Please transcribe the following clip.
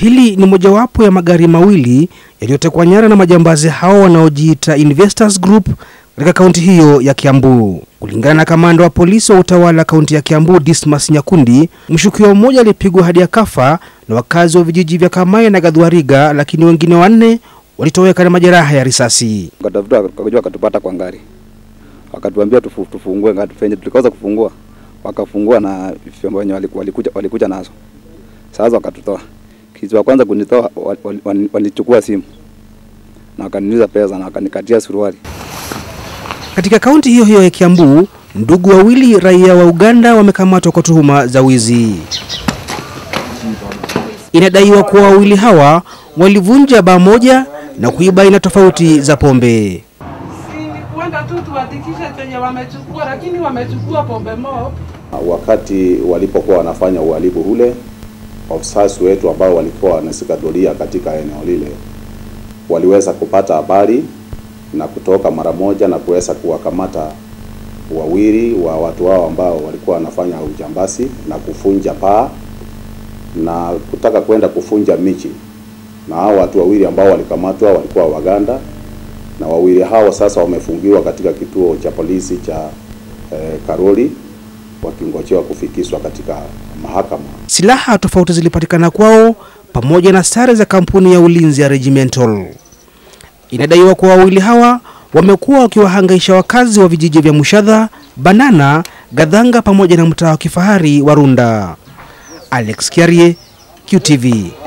Hili ni mojawapo ya magari mawili yaliyotekwa nyara na majambazi hao wanaojiita Investors Group katika kaunti hiyo ya Kiambu. Kulingana na kamanda wa polisi wa utawala kaunti ya Kiambu, Dismas Nyakundi, mshukiwa mmoja alipigwa hadi akafa na wakazi wa vijiji vya Kamaya na Gadhwariga, lakini wengine wanne walitoweka na majeraha ya risasi. Wakatafuta wakatupata kwa ngari, wakatuambia tufu, tufungue ngari tufenye, tulikosa kufungua, wakafungua na vyombo wenye walikuja, walikuja nazo, sasa wakatutoa kitu ya kwanza kunitoa walichukua simu na wakaniuliza pesa na wakanikatia suruali. Katika kaunti hiyo hiyo ya Kiambu, ndugu wawili raia wa Uganda wamekamatwa kwa tuhuma za wizi. Inadaiwa kuwa wawili hawa walivunja baa moja na kuiba aina tofauti za pombe. wamechukua, lakini wamechukua pombe Wakati walipokuwa wanafanya uhalifu ule, wafisasi wetu ambao walikuwa wanashika doria katika eneo lile waliweza kupata habari na kutoka mara moja na kuweza kuwakamata wawili wa watu hao ambao walikuwa wanafanya ujambasi na kufunja paa na kutaka kwenda kufunja michi, na hao watu wawili ambao walikamatwa walikuwa Waganda, na wawili hao sasa wamefungiwa katika kituo cha polisi cha eh, Karoli wakingojewa kufikishwa katika mahakama Silaha tofauti zilipatikana kwao pamoja na sare za kampuni ya ulinzi ya Regimental. Inadaiwa kuwa wawili hawa wamekuwa wakiwahangaisha wakazi wa vijiji vya Mushadha, Banana, Gadhanga pamoja na mtaa wa kifahari wa Runda. Alex Kiarie, QTV.